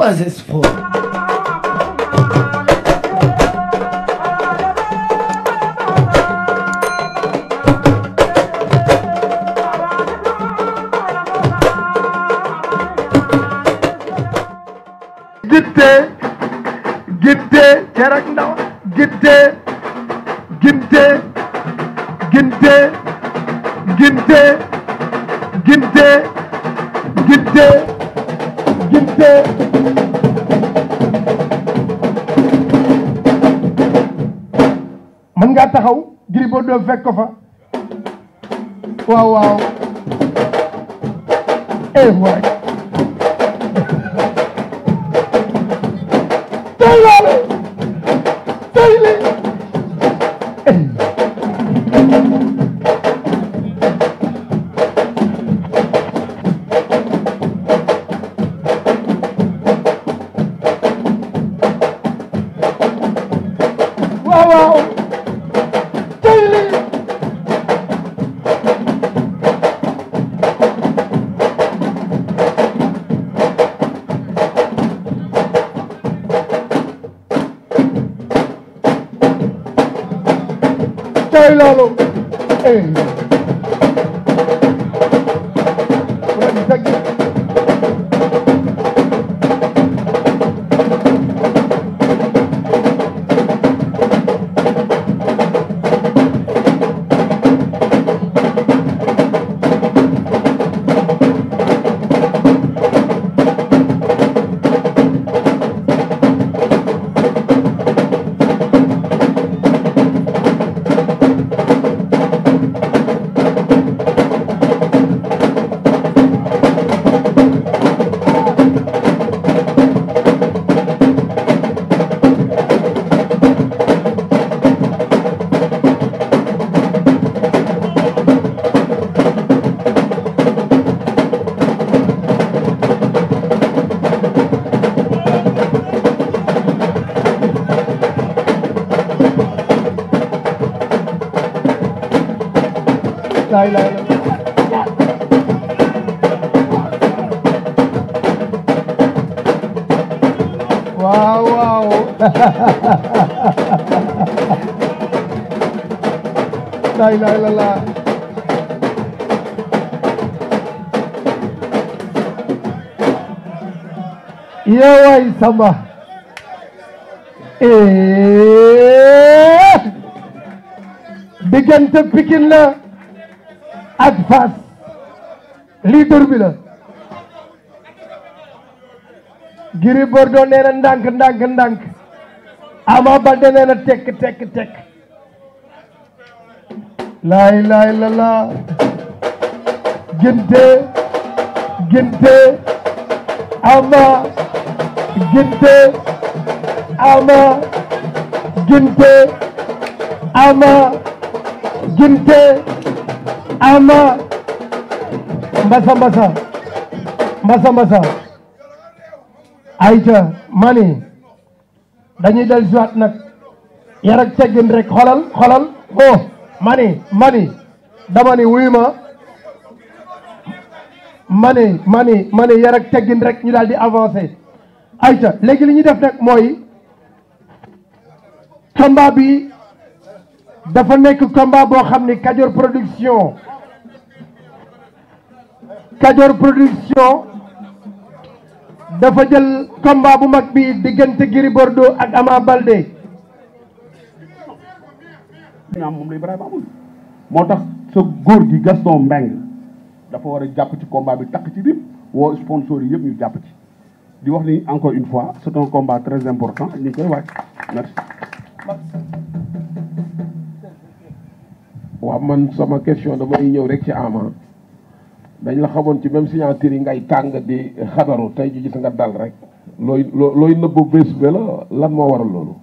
trois espoirs. gittee gittee cerak ndaw gittee gittee gittee gittee gittee gittee diggante mën ngaa taxaw Gris Bordeaux fekk fa waaw waaw eh waaw waaw tey lii tey loolu waaw waaw laa ilaaha illallaah yeewaay sama ee eh. diggante Pikine la ak Fass leader bi la Gris nee na ndànk ndànk ndànk Ama Baldé nee na tekk tekk tekk laa ilaaha illallaah ginte ginte Ama ginte Ama ginte Ama ginte ana mbasa mbasa mbasa mbasa ayca mani dañuy del joit nag yar ak teggin rek xolal xolal oh mani mani dama ni ma mani mani mani yar ak teggin rek ñu daal di avancé ayca léegi li ñuy def nag mooy combat bi dafa nekk combat boo xam ni Kajoor production Kajoor production dafa jël combat bu mag bi diggante Gris Bordeaux ak Ama Baldé. ñaam moom la Ibrahima amul moo tax sa góor gi Gaston Mbengue dafa war a jàpp ci komba bi takk ci biir woo sponsor yi yëpp ñu jàpp ci di wax ni encore une fois c'est un combat très important ñu ngi koy waaj merci. waaw man sama question damay ñëw rek ci Ama. dañ la xamoon ci même signature yi ngay tàng di xadaru tey ji nga dal rek looy looy nëbbu bés bi la lan moo waral loolu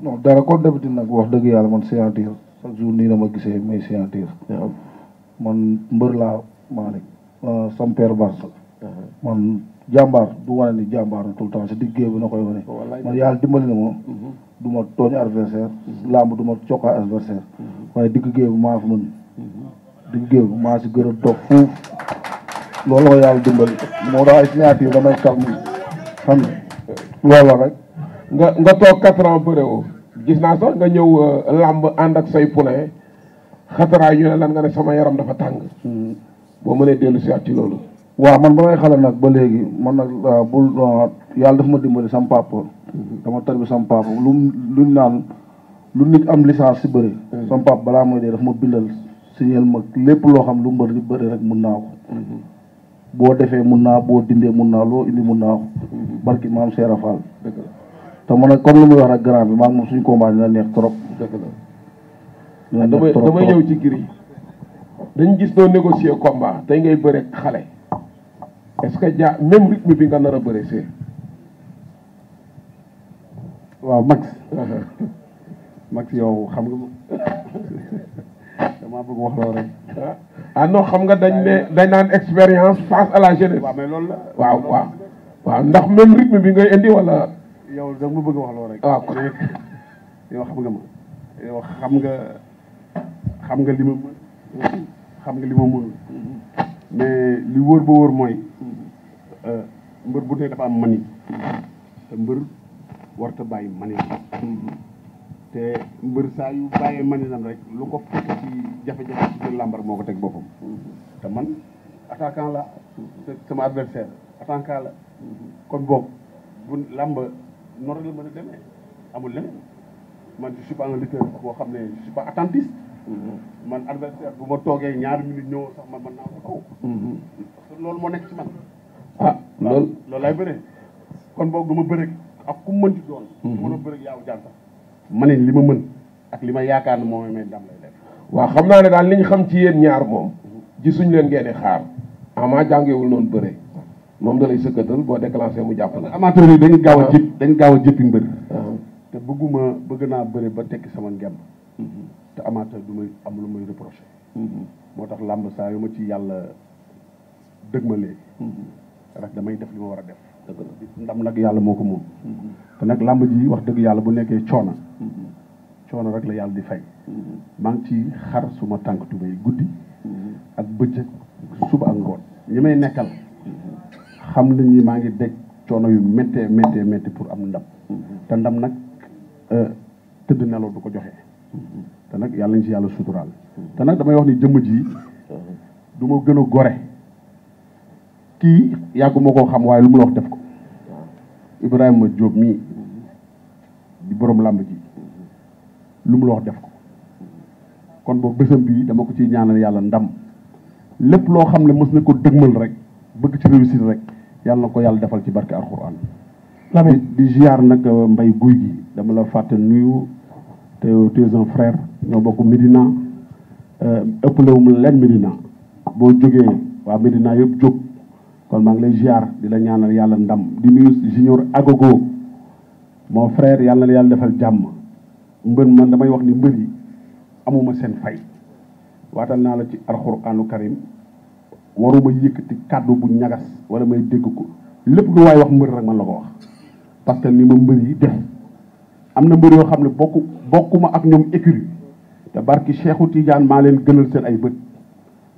non dara comme d'habitude wax dëgg yàlla man signature chaque nii dama gisee may signature man mbër laa Malick euh, sam père Bas uh-huh. man jàmbaar du wane ni jàmbaar na tout le temps si diggée bi na koy wane man yàlla dimbali na ma uh-huh. du ma tooñ adversaire lamb du ma adversaire uh-huh. waaye digg géebu maa fa mën duñ géew maa si gën a dof fuuf loolu la ko yàlla dimbali moo tax ay signature damay calme xam nga loolu rek nga nga toog quatre ans gis naa sax nga ñëw euh, làmb ànd ak say poulain xataraa ñu lan nga ne sama yaram dafa tàng hmm. boo mënee dellu si at ci loolu waaw man ba may xale nag ba léegi man nag bul yàlla dafa ma dimbali sama papa hmm. dama tar bi sama papa lu luñ naan lu nit am licence si bëri hmm. sama balaa mooy dee dafa ma bindal signal ma lépp loo xam lu mbër bëri rek mun naa ko mhm. boo defee mun naa boo dindee mun naa loo indi mun naa ko mhm. barki maam Seera Fall te man nag comme lu muy wax ak grand bi maa ngi moom suñu combat dina neex trop dina damay ñëw ci Gris dañ gis doo négocier combat tey ngay bëre xale est-ce que jaa même bi nga nar a bëre waaw Max Max yow xam damaa bëgg wax loolu rek. ah non xam nga dañ ne dañ naan expérience face à la jeunesse. waaw mais loolu la waaw waaw. waaw ndax même rythme bi ngay indi wala. yow da ma bëgg wax loolu rek. waaw ah, yow xam nga ma yow xam nga xam nga li ma nga li ma mënul mais li wóor ba wóor mooy euh, mbër bu ne dafa am mani te mbër warta bàyyi mani te mbër saa yu bàyyee maninam rek lu ko fekk ci jafe-jafe ci làmbar moo ko teg boppam te man attaquant la sama adversaire attaquant la boobu bu làmb noonu la mën a demee amul leneen man je suis xam ne je man adversaire bu ma toogee ñaari minutes ñëw sax man mën naa ko kaw loolu moo nekk ci ah, loolu loolu laay bëree kon boobu du ma bëre ak ku mu mënti doon du hmm. ma doon bëre yaaw jaan sax man ne li ma mën ak li ma yaakaar ne moom may ndam lay def. waaw xam naa ne daal li ñu xam ci yéen ñaar moom gisuñ leen ngeen di xaar ama jàngewul noonu bëre moom da lay sëkkatal boo déclenché mu jàpp la. amateur yi dañu gaaw a ah. jëpp dañu gaaw a jëppi mbër. Ah. te bëgguma bëgg naa bëre ba tekki sama ngemb. Mm-hmm. te amateur du may am lu may reproché. Mm-hmm. moo tax làmb saa yu ma ci yàlla dëgmalee. Mm-hmm. rek damay def li ma war a def. ndam nag yàlla moo ko moom. te nag làmb ji wax dëgg yàlla bu nekkee coono. coono rek la yàlla di fay. maa ngi ci xar suma tànk tubéy guddi. ak bëccëg suba ak ngoon. ñi may nekkal. xam nañ maa ngi dégg coono yu méttee méttee métti pour am ndam. te ndam nag euh, tëdd nelaw du ko joxe. te nag yàlla nañ ci yàlla suturaal. te nag damay wax ni jëmm ji. duma gën a gore. kii yàgguma ko xam waaye lu mu la wax def ko Ibrahima Diop mii di borom làmb ji lu mu la wax def ko kon boobu bésam bii dama ko ci ñaanal yàlla ndam lépp loo xam ne mës na ko dëgmal rek bëgg ci réussite rek yàlla na ko yàlla defal ci barke alxuraan Lamine di ziar nag euh, mbay guy gi dama la fàtte nuyu te tu es un frère ñoo bokk Medina euh, ëppalewum leen Medina boo jógee waa Medina yëpp jóg kon maa ngi lay ziar di la ñaanal yàlla ndam di nuyu junior agogo mon frère yàlla na yàlla defal jàmm mbën man damay wax ni mbër yi amuma seen fay waatal naa la ci alxuraanu karim waruma ti kàddu bu ñagas wala may dégg ko lépp lu waay wax mbër rek man la ko wax parce que ni ma mbër yi def am na mbër yoo xam ne bokku bokkuma ak ñoom écurie te barki Cheikhou Tidiane maa leen gënal seen ay bët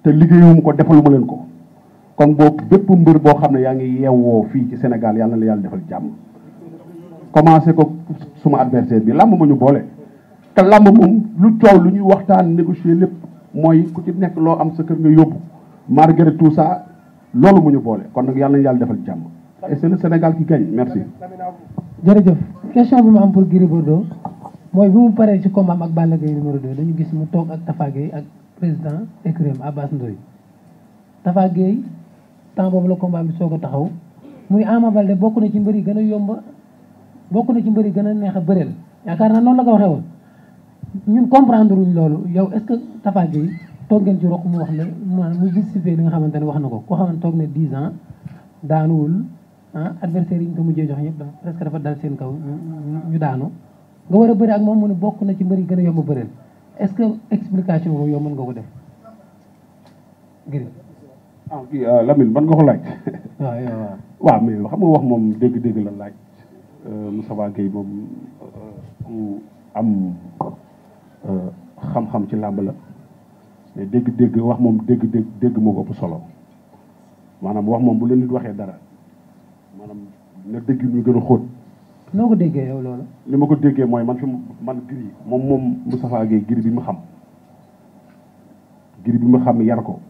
te liggéeyuma ko defaluma leen ko kon boog bépp mbër boo xam ne yaa ngi yeewoo fii ci Sénégal yàlla na la yàlla defal jàmm commencé ko suma adversaire bi làmb ma ñu boole te làmb moom lu coow lu ñuy waxtaan négocier lépp mooy ku ci nekk loo am sa kër nga yóbbu malgré tout ça loolu mu ñu boole kon nag yàlla na yàlla defal jàmm et c'est le Sénégal qui gagne merci. jërëjëf question bi mu am pour Gris Bordeaux mooy bi mu paree ci combat ak Balla Gaye numéro 2 dañu gis mu toog ak Tafa ak président écurie Abbas Ndoye Tafa temps boobu la combat bi soo a taxaw muy Ama Baldé bokk na ci mbër yi gën a yomb bokk na ci mbër yi gën a neex a bëreel yaakaar naa noonu la ko waxee woon ñun comprendre luñ loolu yow est ce que Tapha Gueye toog ngeen ci roq mu wax la maanaam mu justifié li nga xamante ne wax na ko ko xamante toog na 10 ans daanuwul ah adversaire yi ñu ko mujjee jox ñëpp dafa presque dafa dal seen kaw ñu daanu nga war a bëri ak moom mu ne bokk na ci mbër yi gën a yomb bëreel est ce que explication boobu yow mën nga ko def ah kii ban nga ko laaj. waaw mais xam nga wax moom dégg-dégg la laaj Moustapha Gueye moom am xam-xam ci làmb la mais dégg-dégg wax moom dégg-dégg dégg ko ëpp solo maanaam wax moom bu leen nit waxee dara maanaam na dégg ñu gën a xóot. noo ko déggee yow loolu. li ma ko déggee mooy man fi man giri moom moom Moustapha Gueye giri bi mu xam giri bi mu xam yar ko.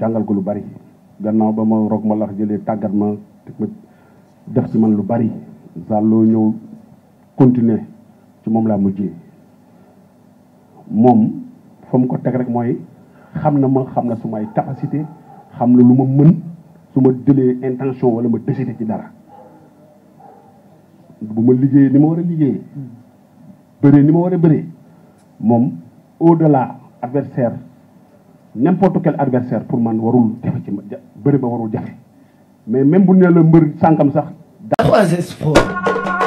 jàngal ko lu bari gannaaw ba ma roog ma lax jëlee tàggat ma teg ma def ci man lu bari Zallo ñëw continuer ci moom laa mujjee moom fa mu ko teg rek mooy xam na ma xam na su may capacité xam na lu ma mën su ma jëlee intention wala ma décider ci dara bu ma liggéeyee ni ma war a liggéeyee bëree ni ma war a bëree moom au delà adversaire n'importe quel adversaire pour man warul jafe ci bëri ba warul jafe mais même bu nee la mbër sànkam sax. 3